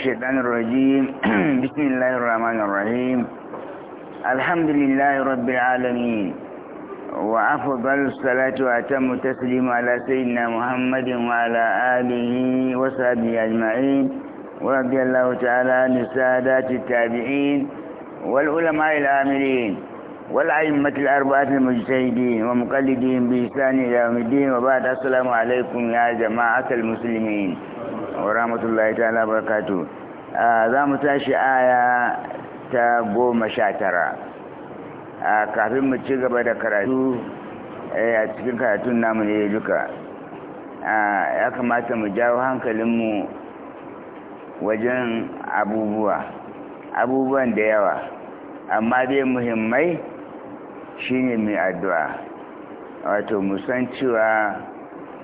الشيطان الرجيم بسم الله الرحمن الرحيم الحمد لله رب العالمين وأفضل الصلاة وأتم التسليم على سيدنا محمد وعلى آله وصحبه أجمعين ورضي الله تعالى عن السادات التابعين والعلماء العاملين والأئمة الأربعة المجتهدين ومقلدين بإحسان إلى يوم الدين وبعد السلام عليكم يا جماعة المسلمين wa rahmatullahi ta'ala barakatu za mu tashi aya ta goma sha tara a kafin mu ci gaba da karatu eh, a cikin karatun namu ne duka ya kamata mu jawo hankalinmu wajen abubuwa abubuwan da yawa amma dai muhimmai shine mai addu'a wato musan cewa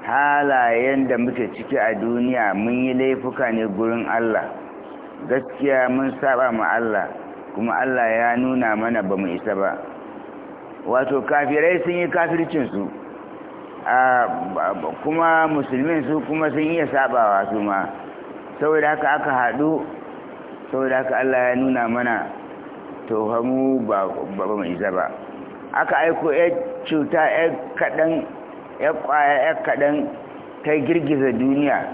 halayen da muke ciki a duniya mun yi laifuka ne gurin Allah gaskiya mun saba ma Allah kuma Allah ya nuna mana ba mu isa ba wato kafirai sun yi kafircin su kuma musulmi su kuma sun iya sabawa su ma saboda haka aka hadu saboda haka Allah ya nuna mana to hamu ba mu isa ba aka aiko ya cuta ya kaɗan ya kwaya ya kaɗan ta girgiza duniya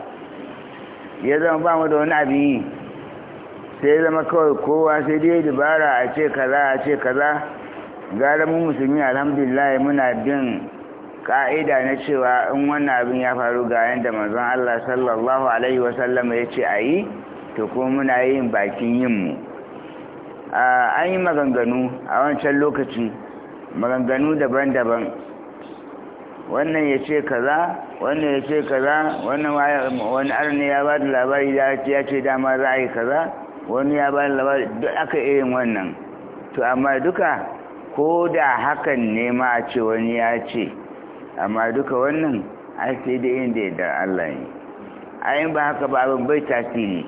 ya zama ba mu da wani abin yi sai zama kawai kowa sai dai dubara a ce kaza a ce kaza gara mu musulmi alhamdulillah muna bin ka'ida na cewa in wannan abin ya faru ga yadda manzon Allah sallallahu alaihi wasallam ya ce a yi to kuma muna yin bakin yinmu ah, an yi maganganu a wancan lokaci maganganu daban-daban wannan ya ce kaza wannan ya ce kaza wannan wani arni ya ba da labari ya ce dama za a yi kaza wani ya ba da labari duk aka irin wannan to amma duka ko da hakan ne ma a ce wani ya ce amma duka wannan a sai da inda da Allah ne a yin ba haka ba abin bai tasiri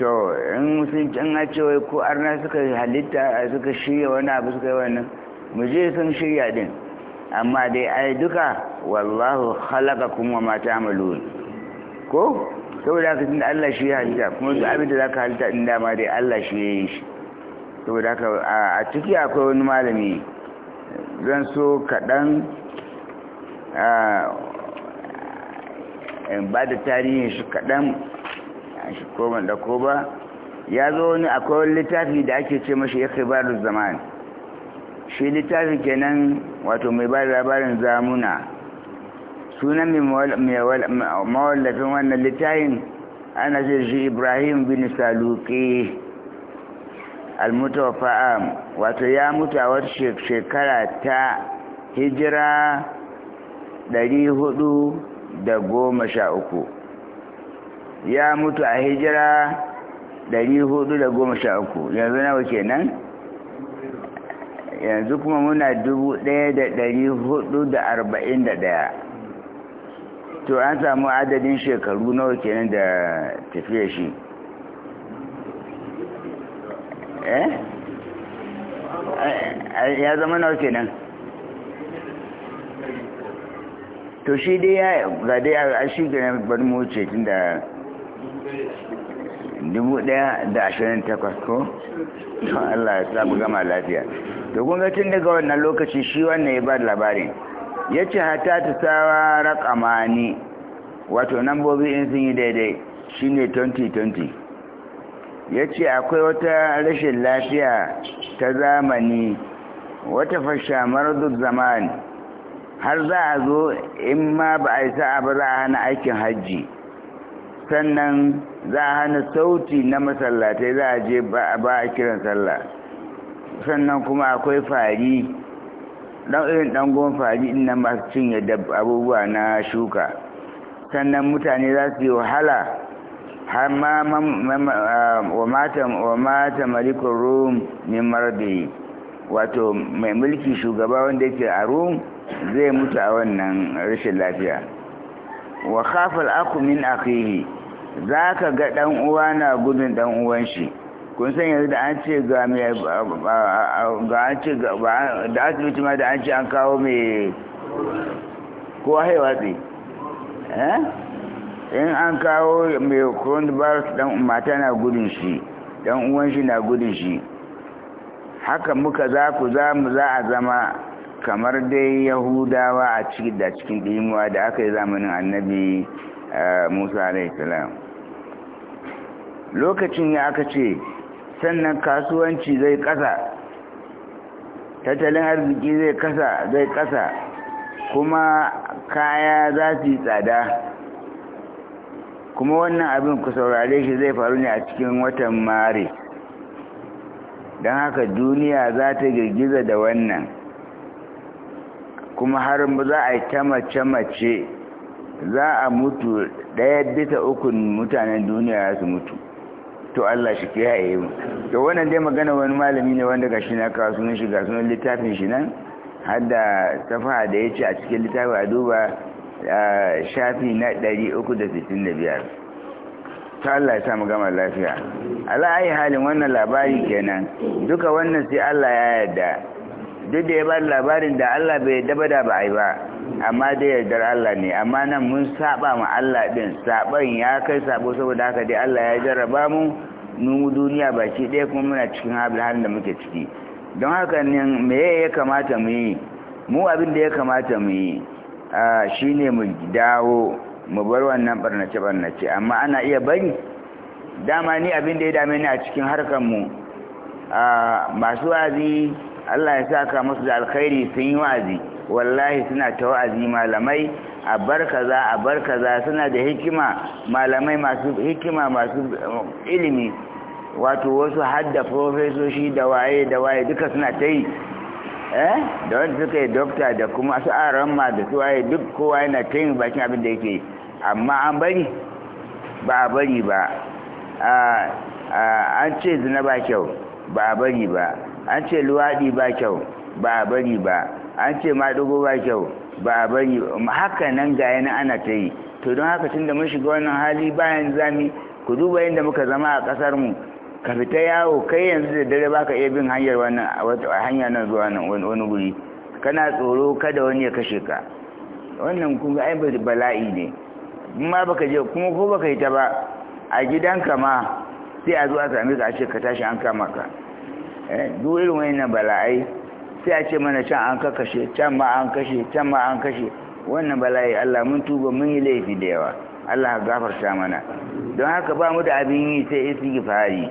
to in sun can a ce wai ko arna suka halitta suka shirya wani abu suka yi wannan mu je sun shirya din amma dai ai duka wallahu khalaqakum wa ma ta'malun ko saboda haka tunda Allah shi ya halitta kuma duk abin da zaka halitta din dama dai Allah shi ya yi shi saboda haka a ciki akwai wani malami zan so kaɗan ba da tarihin shi kaɗan shi ko ban da ko ba ya zo wani akwai littafi da ake ce mashi ya kai zaman shi littafi kenan wato mai ba labarin zamuna sunan mawallafin wannan littafin ana ce shi ibrahim bin saluki almutawafa um, wato ya mutu a wata shekara ta hijira 413 ya mutu a hijira da 413 yanzu nawa kenan yanzu kuma muna dubu ɗaya da ɗari hudu da arba'in da ɗaya to an samu adadin shekaru nawa kenan da tafiya shi eh, eh, eh ya zama nawa kenan to shi dai ya ga dai a shi kenan bari mu wuce tun da dubu ɗaya da ashirin takwas ko? don Allah ya sabu gama lafiya to kun tun daga wannan lokaci shi wannan ya ba da labarin ya ce hata ta sawa rakamani wato nambobi in sun yi daidai shi ne 2020 ya ce akwai wata rashin lafiya ta zamani wata fasha marar zamani har za a zo in ma ba a yi sa'a ba za a hana aikin hajji sannan za a hana sauti na masallatai za a je ba a kiran sallah sannan kuma akwai fari ɗan irin ɗangon fari na masu cinye abubuwa na shuka sannan mutane za su yi wahala har ma wa mata malikun rum min marbi wato mai mulki shugaba wanda yake a rum zai mutu a wannan rashin lafiya wa khafal aku min akhihi za ka ga ɗan'uwa uwa na gudun ɗan uwan shi kun san yanzu da an ce ga mai ga an ce da ma da an ce an kawo mai kowa haiwatsi eh? in an kawo mai coronavirus ɗan mata na gudun shi ɗan uwan shi na gudun shi haka muka za ku za mu za a zama kamar dai yahudawa a cikin da cikin ɗimuwa da aka yi zamanin annabi eh, musa alaihissalam lokacin ya aka ce sannan kasuwanci zai ƙasa tattalin arziki zai ƙasa zai ƙasa kuma kaya za su yi tsada kuma wannan abin ku saurare shi zai faru ne a cikin watan mari don haka duniya za ta girgiza da wannan kuma har za a yi ta mace-mace za a mutu ɗaya bisa ukun mutanen duniya ya su mutu to Allah shi ke haye mu to wannan dai magana wani malami ne wanda gashi na kawo sunan shi ga sunan littafin shi nan har da safaha da ya ce a cikin littafin a duba shafi na 365 ta Allah ya samu gama lafiya ala ayi halin wannan labari kenan duka wannan sai Allah ya yarda duk da ya ba labarin da Allah bai daba da ba a ba amma dai yardar Allah ne amma nan mun saba ma Allah din saban ya kai sabo saboda haka dai Allah ya jarraba mu mu duniya baki ɗaya kuma muna cikin halin da muke ciki don haka ne me ya kamata mu yi mu abin da ya kamata mu yi shine mu dawo mu bar wannan barnace barnace amma ana iya bari dama ni abin da ya dame ni a cikin harkar mu masu wazi Allah ya saka musu da alkhairi sun yi wa'azi wallahi suna ta wa'azi malamai a bar kaza a bar kaza suna da hikima malamai masu hikima masu eh, ilimi wato wasu hadda profesoshi da waye da waye duka suna ta yi eh da wanda suka yi dokta da kuma su aramma da su waye duk kowa yana ta yin bakin abin da yake amma an bari ba a bari ba ah, ah, an ce zina ba kyau ba a bari ba an ce luwaɗi ba kyau ba a bari ba an ce maɗugo ba kyau ba a bari haka nan ga yana ana ta yi to don haka tun da mun shiga wannan hali bayan zami ku duba yadda muka zama a ƙasar mu ka fita yawo kai yanzu da dare baka iya bin hanyar wannan hanya nan zuwa wani guri kana tsoro kada wani ya kashe ka wannan kun ga aibar bala'i ne ma baka je kuma ko baka yi ta ba a gidanka ma sai a zo a same ka a ce ka tashi an kama ka Eh, duk irin na bala'ai sai a ce mana can an kakashe can ma an kashe can ma an kashe wannan bala'ai Allah mun tuba mun yi laifi da yawa Allah gafarta mana don haka ba mu da abin yi sai istighfari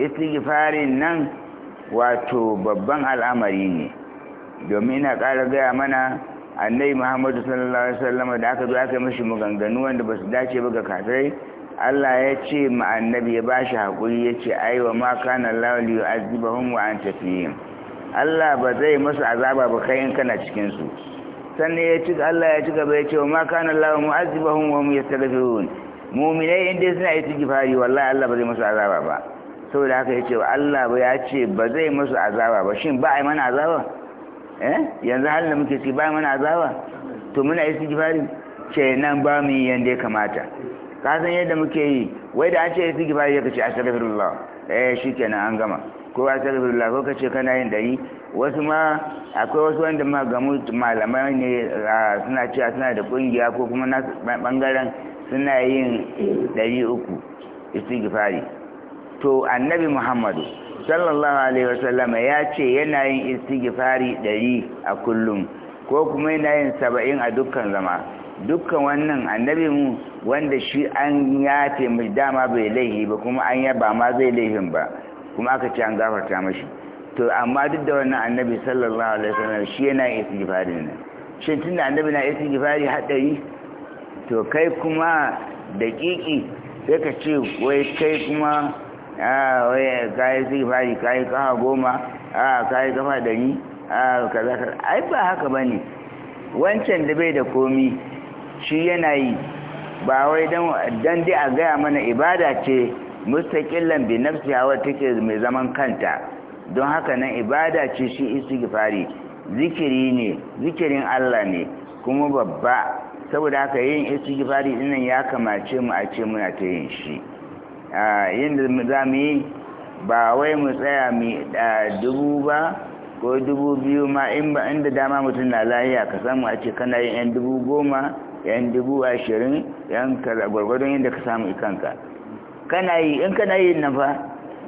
istighfari nan wato babban al'amari ne domin ina ƙara gaya mana annabi Muhammadu sallallahu alaihi wasallam da aka zo aka mashi maganganu wanda ba su dace ba ga kafirai Allah ya ce ma annabi ya bashi hakuri ya ce ai wa ma kana Allah li yu'azzibahum wa anta fihim Allah ba zai musu azaba ba kai in kana cikin su sannan ya ci Allah ya ci gaba ya ce wa ma kana Allah mu'azzibahum wa hum yastaghfirun mu'minai inda suna yi tijifari wallahi Allah ba zai musu azaba ba saboda haka ya ce wa Allah ba ya ce ba zai musu azaba ba shin ba a yi mana azaba eh yanzu halin da muke ci ba a yi mana azaba to muna yi tijifari kenan ba mu yi yanda ya kamata ka san yadda muke yi wai da an ce istighfari ya kace astaghfirullah eh shikenan an gama ko astaghfirullah ko kace kana yin dai wasu ma akwai wasu wanda ma gamu malamai ne suna cewa suna da kungiya ko kuma na bangaren suna yin dari uku istighfari to annabi muhammadu sallallahu alaihi wasallam ya ce yana yin istighfari dari a kullum ko kuma yana yin saba'in a dukkan zama dukkan wannan annabi mu wanda shi an yafe mai dama bai laihi ba kuma an yaba ma zai laihin ba kuma aka ce an gafarta mashi to amma duk da wannan annabi sallallahu alaihi wasallam shi yana istighfari ne shin tunda annabi na istighfari hadari to kai kuma daƙiƙi sai ka ce wai kai kuma a ah, wai kai istighfari kai kafa goma a kai kafa dari a kaza kaza ai ba haka bane wancan da bai da komi shi yana yi ba wai don dai a gaya mana ibada ce mustaƙillan bi nafsi hawa take mai zaman kanta don haka nan ibada ce shi istighfari zikiri ne zikirin Allah ne kuma babba saboda haka yin istighfari dinnan ya kamace mu a ce muna ta yin shi yin da za mu yi ba wai mu tsaya mu dubu ba ko dubu biyu ma inda dama mutum na lahiya ka samu a ce kana yin yan dubu goma yan dubu ashirin yan kaza gwargwadon yadda ka samu ikanka kana yi in kana yi nan fa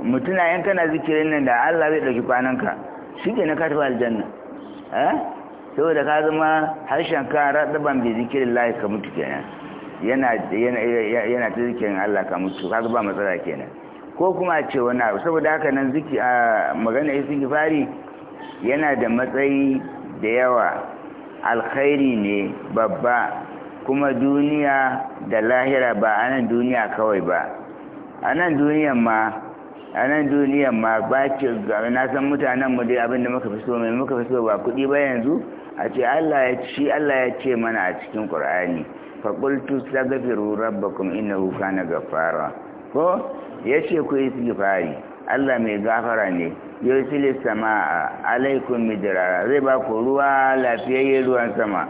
mutuna yan kana zikirin nan da Allah zai ɗauki ka shi ke na ka tafi aljanna eh saboda ka zama harshen ka raɗaban bai zikirin ka mutu kenan yana yana ta zikirin Allah ka mutu ka zuba matsala kenan ko kuma a ce wani abu saboda haka nan ziki a magana isi gifari yana da matsayi da yawa alkhairi ne babba kuma duniya da lahira ba a nan duniya kawai ba a nan duniyan ma a nan duniyan ma ba ce na san mutanen mu dai abinda muka fi so mai muka fi so ba kuɗi ba yanzu a ce Allah ya ci Allah ya ce mana a cikin Qur'ani fa qultu astaghfiru rabbakum innahu kana ghaffara ko yace ku istighfari Allah mai gafara ne yursilis samaa alaikum midrara zai ba ku ruwa lafiyayyen ruwan sama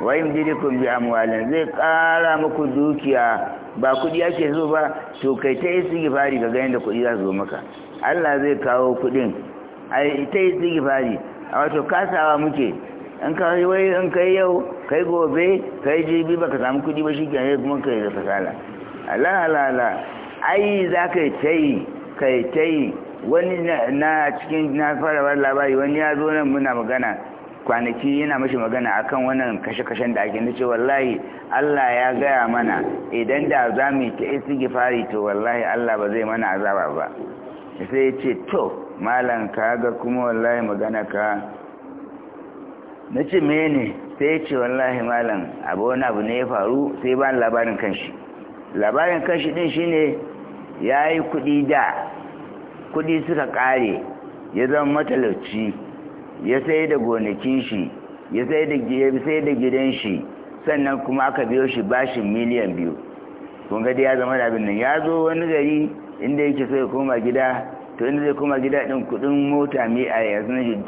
wa kun bi amwalin zai kara muku dukiya ba kuɗi ake so ba to kai ta fari ga ganin da kuɗi za su zo maka Allah zai kawo kuɗin yi ta fari a wato kasawa muke in ka wai in kai yau kai gobe kai jibi ba ka samu kuɗi ba shi ke kuma kai da fasala Allah alala ai za ka yi kai ta yi wani na cikin na fara labari wani ya zo nan muna magana kwanaki yana mashi magana akan wannan kashe-kashen da ake nace wallahi Allah ya gaya mana idan da za mu ta istighfari to wallahi Allah ba zai mana azaba ba sai ya ce to malam kaga kuma wallahi magana ka nace mene sai ya ce wallahi malam abu wani abu ne ya faru sai ba labarin kanshi labarin kanshi din shine yayi kudi da kudi suka kare ya zama matalauci ya sai da gonakin shi ya sai da gidan shi sannan kuma aka biyo shi bashin miliyan biyu kun ga dai ya zama da abin nan ya zo wani gari inda yake so ya koma gida to inda zai koma gida din kudin mota mai a yanzu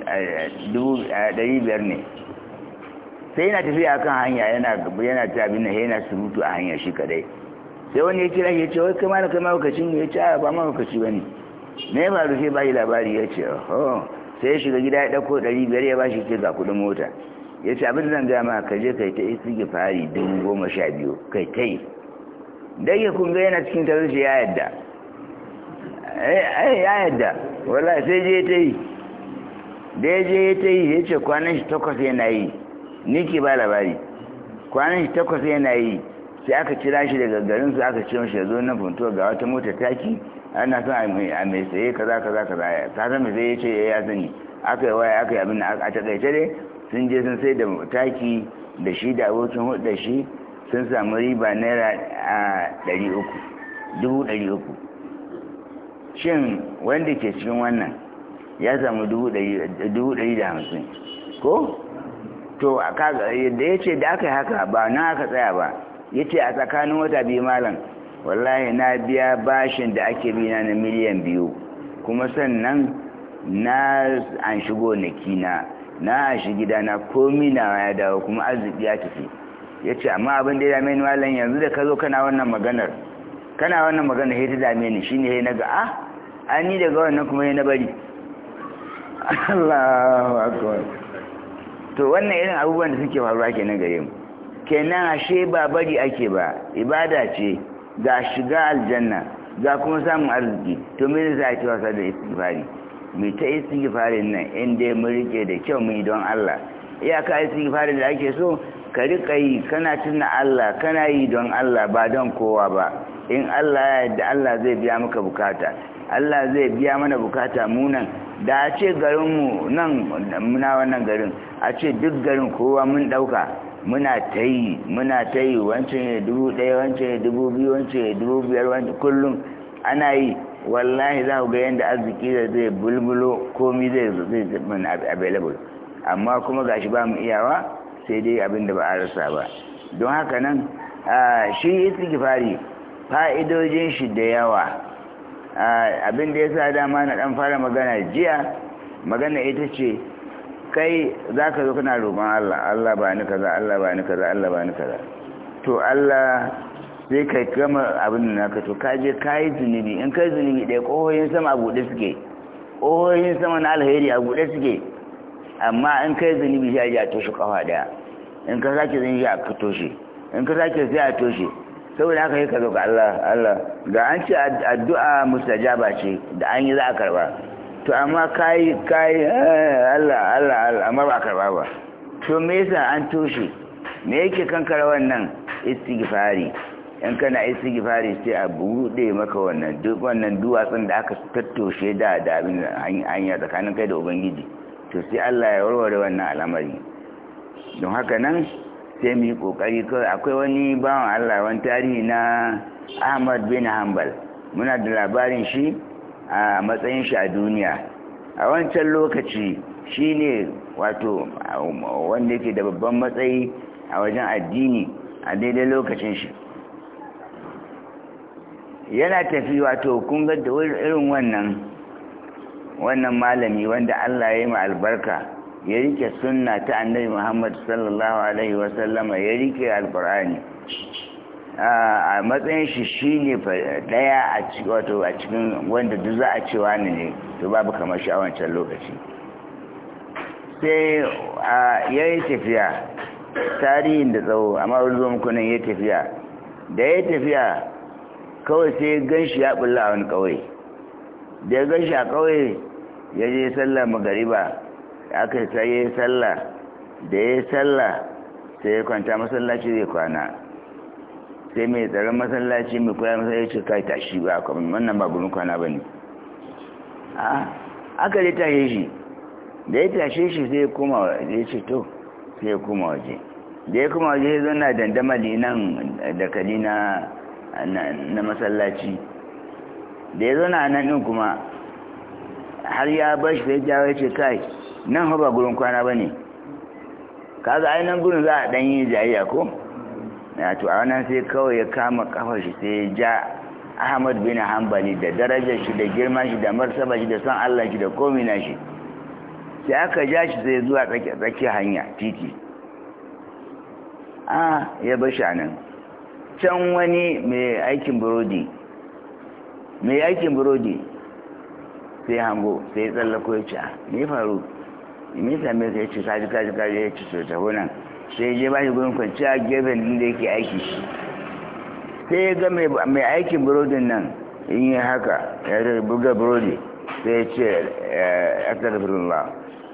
dubu ɗari biyar ne sai yana tafiya akan hanya yana yana ta abin nan yana surutu a hanya shi kadai sai wani ya kira ya ce wai kai ma kai ma ya ce a ba ma lokaci bane ne ba rufe ba yi labari ya ce oh sai ya shiga gida ya ɗauko ɗari biyar ya bashi ke ga kuɗin mota ya ce abin zan gama ka je kai ta isi fari dubu goma sha biyu kai kai dai ya kunga yana cikin talauci ya yadda eh, eh, ya yadda wala sai je ta yi da ya je ta yi ya ce kwanan shi takwas yana yi ni ke ba labari kwanan shi takwas yana yi sai aka kira shi daga garinsu aka ce mashi ya zo na funtuwa ga wata mota taki ana son a mai saye kaza kaza kaza ya kaza mai sai ya ce eh, ya sani aka yi waya aka yi abin da a takaice dai sun je sun sai da taki da shi da abokin hudu shi sun samu riba naira a ɗari uku dubu ɗari uku shin wanda ke cikin wannan ya samu dubu ɗari da hamsin ko to a da ya ce da aka yi haka ba na aka tsaya ba ya ce a tsakanin wata biyu malam wallahi na biya bashin da ake bina na miliyan biyu kuma sannan na an shigo na kina na a shi gidana komi na ya dawo kuma arziki ya tafi ya ce amma abin da ya dame ni malam yanzu da ka zo kana wannan maganar kana wannan maganar ya ta dame ni shine ya naga ah an ni daga wannan kuma ya na bari Allahu akbar to wannan irin abubuwan da suke faruwa kenan gare mu kenan ashe ba bari ake ba ibada ce ga shiga aljanna ga kuma samun arziki to me za a ci wasa da istighfari mu ta istighfari nan in dai mu rike da kyau mu don Allah iyaka istighfari da ake so ka rika yi kana tuna Allah kana yi don Allah ba don kowa ba in Allah ya yarda Allah zai biya maka bukata Allah zai biya mana bukata munan da a ce garinmu nan muna wannan garin a ce duk garin kowa mun dauka muna ta yi muna ta yi wancan ya dubu ɗaya wancan ya dubu biyu wancan ya dubu biyar wancan kullum ana yi wallahi za ku ga yadda arziki da zai bulbulo komi zai zai mana available amma kuma gashi ba mu iyawa sai dai abinda ba a rasa ba don haka nan shi istighfari fa'idojin shi da yawa abin da ya sa dama na dan fara magana jiya magana ita ce kai za ka zo kana roƙon Allah Allah ba ni kaza Allah ba ni kaza Allah ba ni kaza to Allah sai ka gama abin da ka to ka je ka yi zunubi in kai zunubi ɗaya ƙohoyin sama a buɗe suke ƙohoyin sama na alheri a buɗe suke amma in kai zunubi sai a ji a toshe ƙafa ɗaya in ka sake zunubi a toshe in ka sake sai a toshe saboda haka yi ka zo ga Allah Allah ga an ce addu'a mustajaba ce da an yi za a karba to amma kayi kayi eh, Allah Allah Allah amma ba karba ba to me yasa an toshe me yake kankara wannan istighfari in kana istighfari sai a bude maka wannan duk wannan duwatsun da aka tattoshe da da hanya tsakanin kai da ubangiji to sai Allah ya warware wannan al'amari don haka nan sai mu yi kokari kawai akwai wani bawan Allah wani tarihi na Ahmad bin Hanbal muna da labarin shi a matsayin shi a duniya a wancan lokaci shi ne wato wanda yake da babban matsayi a wajen addini a daidai lokacin shi yana tafi wato kun ga irin wannan wannan malami wanda Allah ya yi ma albarka ya rike sunna ta annabi Muhammadu sallallahu alaihi wasallama ya rike alkur'ani a matsayin shi shi ne daya a cikin wanda duk za a cewa ne ne to babu kamar shi a wancan lokaci sai ya yi tafiya tarihin da tsawo amma wani mukunan ya tafiya da ya tafiya kawai sai gan shi ya bulla a wani kawai da ya gan shi a kawai ya je sallah magariba aka sai ya yi sallah da ya yi sallah sai ya kwanta masallaci zai kwana sai mai tsaron masallaci mai kula masallaci kai tashi ba kuma wannan ba gurin kwana ba ne a aka dai tashe shi da ya tashe shi sai ya koma waje ce to sai ya koma waje da ya koma waje ya na dandamali nan da kali na na masallaci da ya na nan ɗin kuma har ya bar shi sai jawo ce kai nan ba gurin kwana ba ne kaga ainihin gurin za a ɗanyi jayayya ko ya to a wannan sai kawai ya kama kafar shi sai ya ja ahmad bin hanbali da darajar shi da girman shi da martaba shi da son allah shi da na shi sai aka ja shi sai zuwa tsakiyar hanya titi a ya bashi a nan can wani mai aikin burodi mai aikin burodi sai hango sai tsallako ya ce ah, me faru me same sai ya ce kaji kaji kaji ya ce so ta nan sai je shi gurin kwanciya gefen din da yake aiki shi sai ya ga mai aikin burodin nan in yi haka ya buga burodi sai ya ce eh, astagfirullah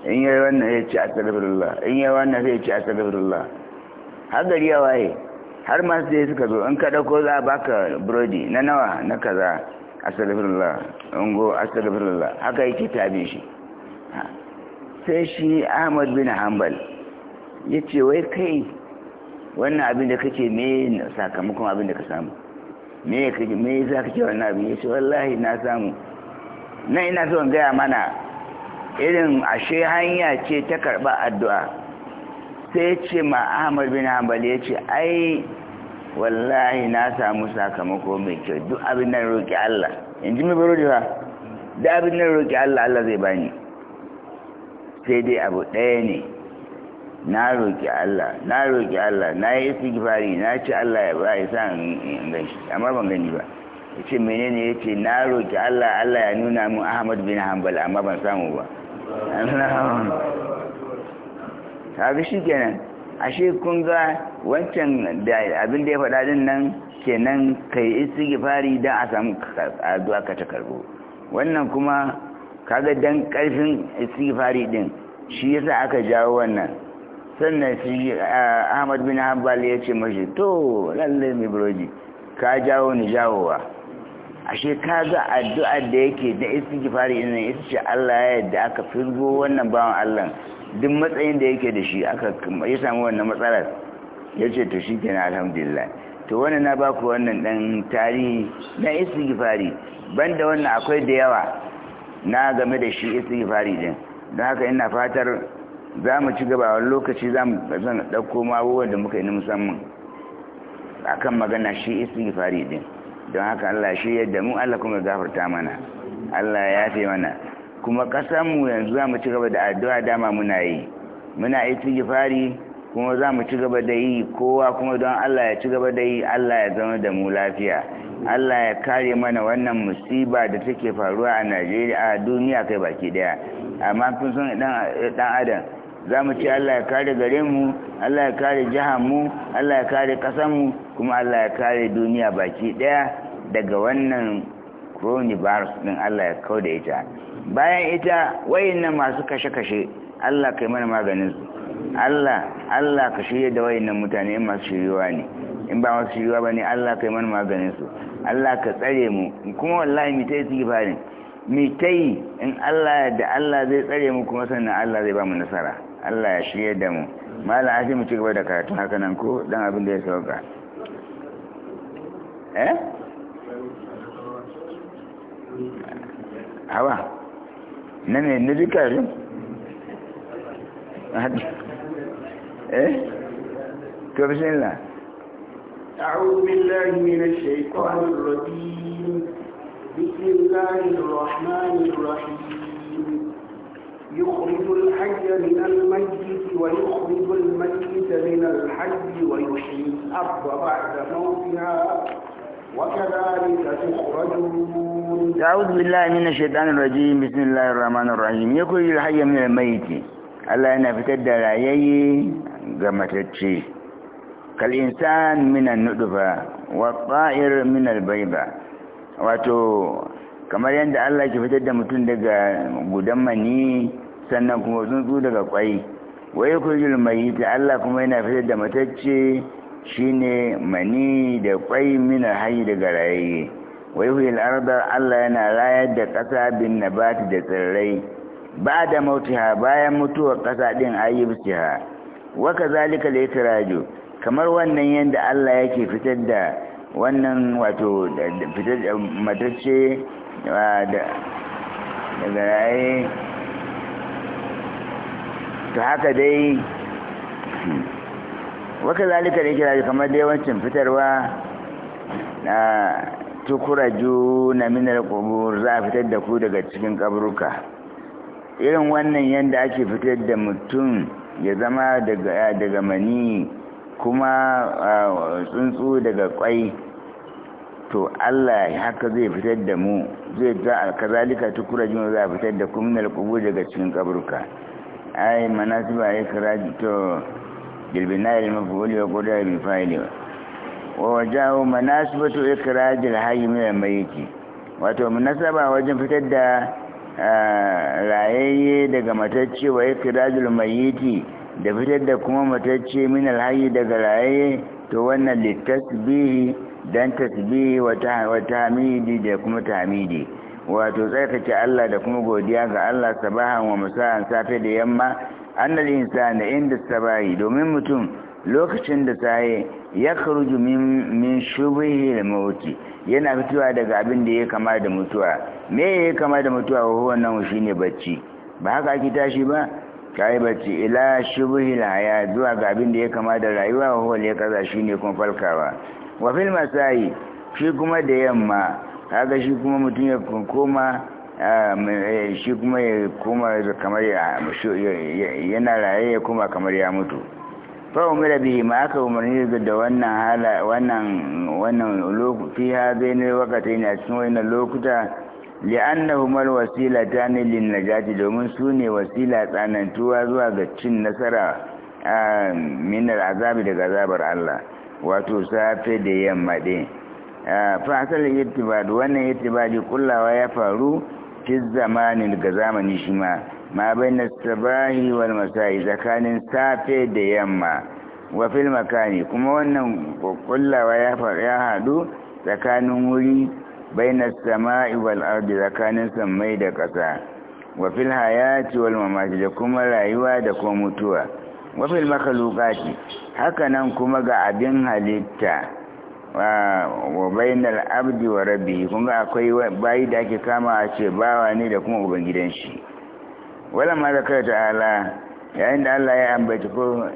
in yi wannan ya ce astagfirullah in yi wannan sai ya ce astagfirullah har gari ya waye har masu sai suka zo in kada ko za a baka burodi na nawa na kaza go a astagfirullah haka yake tabi shi sai shi ahmad bin hanbal ya ce wai kai wannan abin da kake me sakamakon abin da ka samu me kake me za ka ce wannan abin ya ce wallahi na samu na ina so gaya mana irin ashe hanya ce ta karba addu'a sai ya ce ma ahmad bin hanbal ya ce ai wallahi na samu sakamako mai kyau duk abin nan roƙi Allah in ji mabaro da ba duk abin nan roƙi Allah Allah zai bani sai dai abu ɗaya ne na roƙi Allah na roƙi Allah na yi istighfari na ce Allah ya ba ya sa in ganshi amma ban gani ba ya ce menene ya ce na roƙi Allah Allah ya nuna min Ahmad bin Hanbal amma ban samu ba kaga shi kenan ashe kun ga wancan da abin da ya faɗa din nan kenan kai istighfari dan a samu addu'a ka ta karbo wannan kuma kaga dan karfin istighfari din shi yasa aka jawo wannan sannan shi ahmad bin hanbali ya ce mashi to lalle mai burodi ka jawo ni jawowa ashe ka ga addu'ar da yake da fari ina isi ce Allah ya yadda aka firgo wannan bawan Allah duk matsayin da yake da shi aka yi samu wannan matsalar ya ce to na alhamdulillah to wannan na baku wannan dan tarihi na ban da wannan akwai da yawa na game da shi fari din don haka ina fatar za mu ci gaba wani lokaci za mu zan ɗauko mawuwar da muka yi na musamman a kan magana shi fari din don haka Allah shi yadda mu Allah kuma gafarta mana Allah ya fi mana kuma mu yanzu za mu ci gaba da addu'a dama muna yi muna fari kuma za mu ci gaba da yi kowa kuma don Allah ya ci gaba da yi Allah ya zama da mu lafiya Allah ya kare mana wannan musiba da take faruwa a Najeriya a duniya kai baki daya amma kun san dan adam za mu ce Allah ya kare gare mu Allah ya kare mu Allah ya kare mu kuma Allah ya kare duniya baki ɗaya daga wannan coronavirus ɗin Allah ya kawo da ita bayan ita wayannan masu kashe-kashe Allah kai mana maganinsu Allah Allah ka shirya da wayannan mutane in masu shiryuwa ne in ba masu shiryuwa ba ne Allah kai mana maganinsu Allah ka tsare mu kuma wallahi mu ta yi farin mu ta yi in Allah da Allah zai tsare mu kuma sannan Allah zai ba mu nasara Allah ya shirya da mu malam hasi mu ci gaba da karatu haka nan ko dan abin da ya sauka eh hawa na ne na duka yi eh to bismillah أعوذ بالله من الشيطان الرجيم بسم الله الرحمن الرحيم يخرج الحي من الميت ويخرج الميت من الحي ويحيي الأرض بعد موتها وكذلك تخرجون أعوذ بالله من الشيطان الرجيم بسم الله الرحمن الرحيم يخرج الحي من الميت Allah أنا fitar da rayayi ga matacce kal'insan minan nudufa wa tsa'ir kamar yadda Allah ke fitar da mutum daga gudan mani sannan kuma tsuntsu daga kwai wai kurjul mai ta Allah kuma yana fitar da matacce shine mani da kwai mina hayi daga raye wai huyil arda Allah yana rayar da ƙasa bin nabati da tsirrai ba da mautiha bayan mutuwar ƙasa din ayyubtiha wa kazalika litraju kamar wannan yadda Allah yake fitar da wannan wato fitar da matacce daga garaye ta haka dai waka zalika da kira kamar dai wancan fitarwa na tukuraju na minar kubur za a fitar da ku daga cikin kaburuka irin wannan yadda ake fitar da mutum ya zama daga mani kuma ah, tsuntsu daga kwai to Allah haka zai fitar da mu zai ta alkazalika tukura za a fitar da kumnal kubu daga cikin kaburka ai ba ya kira to bilbinayil mafuli wa kuda bi fa'ili wa wajahu manasibatu ikrajil hayy mai mai yake wato munasaba wajen fitar da rayayye daga matacce wa mai yake da fitar da kuma matacce min al daga rayayye to wannan bihi dan tasbihi wa tahmidi da kuma tahmidi wato tsarkake Allah da kuma godiya ga Allah sabahan wa musa'an safe da yamma annal insana inda sabahi domin mutum lokacin da tsaye ya kharuju min min shubhi al-mauti yana fitowa daga abin da ya kama da mutuwa me ya kama da mutuwa wa wannan shine bacci ba haka ake tashi ba kai bacci ila shubhi al-haya zuwa ga abin da ya kama da rayuwa wa huwa kaza shine kuma falkawa wafil masayi shi kuma da yamma kaga shi kuma mutum ya koma eh, shi kuma ya koma kamar yana raye ya koma kamar ya mutu fa'o mira bihi ma aka umarni da wannan hala wannan wannan lokaci ha zai ne wakati ne a cikin wannan lokuta li'annahumar wasila ta ne lin najati domin su ne wasila tsanantuwa zuwa ga cin nasara minar azabi daga azabar Allah wato safe da yamma ɗin fasalin ittibadu wannan ittibadi kullawa ya faru fi zamanin ga zamani shi ma ma bayna sabahi wal masai tsakanin safe da yamma wa fil makani kuma wannan kullawa ya faru ya hadu zakanin wuri bayna sama'i wal ardi tsakanin sammai da ƙasa wa fil hayati wal mamati da kuma rayuwa da kuma mutuwa wa fil makhluqati hakanan kuma ga abin halitta wa bainal abdi wa rabbi kun ga akwai bayi da ake kama a ce bawa ne da kuma ubangidan shi wala ma ta ta'ala yayin da Allah ya ambaci ko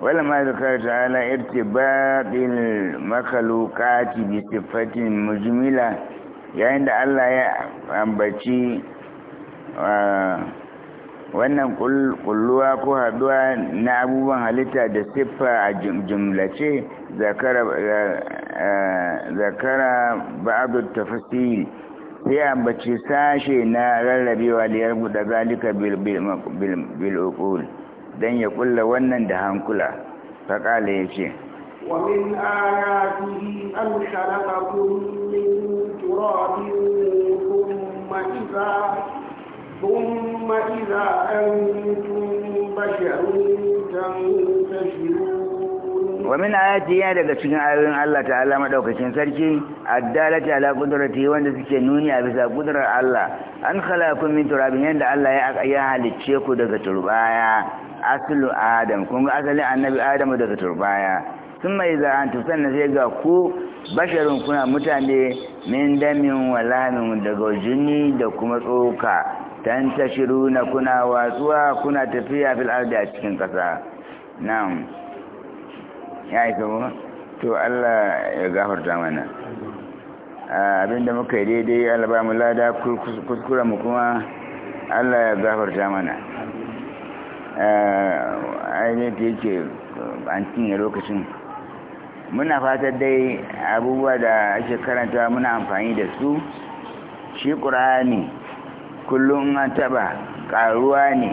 wala ma ta ala irtibatil makhluqati bi sifatin mujmila yayin da Allah ya ambaci wannan kulluwa ko haduwa na abubuwan halitta da siffa a jumlace zakara eh, eh, ba'adu tafasiri sai a ambaci sashe na rarrabewa da ya rubuta zalika bil'ukul don ya kulla wannan da hankula faƙala ya ce ومن آياته ثم إذا أنتم بشر تنتشرون ومن آياته يا daga cikin ayoyin Allah ta'ala madaukakin sarki addalati ala qudratihi wanda suke nuni a bisa kudrar Allah an khalaqakum min turabin yanda Allah ya halicce ku daga turbaya aslu adam kun asalin annabi adamu daga turbaya sun mai za an tusanna ga ku basharun kuna mutane mindamin damin walamin daga jini da kuma tsoka tantashiruna kuna watsuwa kuna tafiya fil ardi a cikin kasa na'am ya yi kuma to Allah ya gafarta mana abinda muka yi daidai Allah ba mu lada kuskura mu kuma Allah ya gafarta mana ainihin ta yake an cinye lokacin muna fatar dai abubuwa da ake karanta muna amfani da su shi ƙura'ani kullum an taba karuwa ne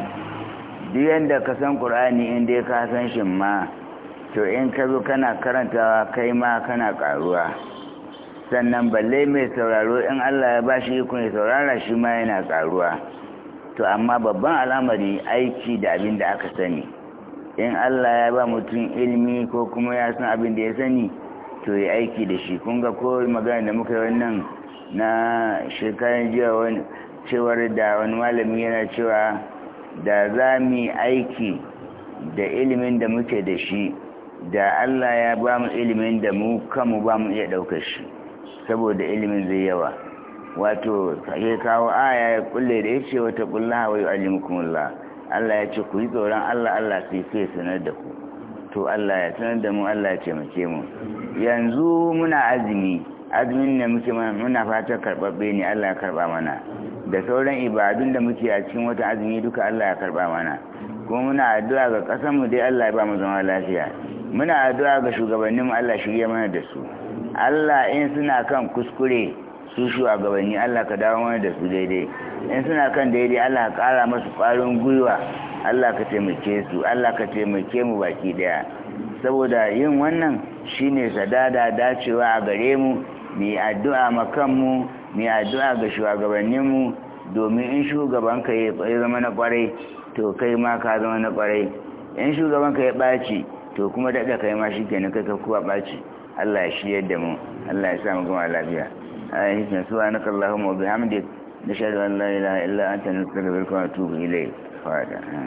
duk yadda ka san in inda ka san shi ma to in ka zo kana karantawa kai ma kana karuwa sannan balle mai sauraro in Allah ya bashi ikon ya saurara shi ma yana karuwa to amma babban al'amari aiki da abin da aka sani in Allah ya ba mutum ilimi ko kuma ya san abin da ya sani to ya aiki da shi kun ga ko magana da muka yi wannan na shekaran jiya wani cewar da wani malami yana cewa da za mu aiki da ilimin da muke da shi da Allah ya ba mu ilimin da mu kanmu ba mu iya ɗaukar shi saboda ilimin zai yawa wato sai kawo aya ya kulle da ya ce wata kullaha wa yu'allimukumullah Allah ya ce ku yi tsoron Allah Allah sai sai sanar da ku to Allah ya sanar da mu Allah ya taimake mu yanzu muna azumi azumin da muke muna fatan karɓaɓɓe ne Allah ya karɓa mana da sauran ibadun da muke a cikin wata azumi duka Allah ya karɓa mana kuma muna addu'a ga mu dai Allah ya ba mu zama lafiya muna addu'a ga shugabanninmu Allah shirya mana da su Allah in suna kan kuskure su shugabanni Allah ka dawo mana da su daidai in suna kan daidai Allah ka ƙara masu ƙwarin gwiwa Allah ka taimake su Allah ka taimake mu baki daya saboda yin wannan shine sadada dacewa a gare mu mai addu'a makanmu mai addu'a ga shugabanninmu domin in shugabanka ya zama na kwarai to kai ma ka zama na kwarai in shugabanka ya ɓaci to kuma daɗa kai ma shi kenan kai ka kuwa ɓaci Allah ya shi da mu Allah ya samu gama lafiya a yi hikin suwa na kallahu mawabi hamdi na shaɗu allah ya illa na ta nutsar da bilkon tubu ilai fada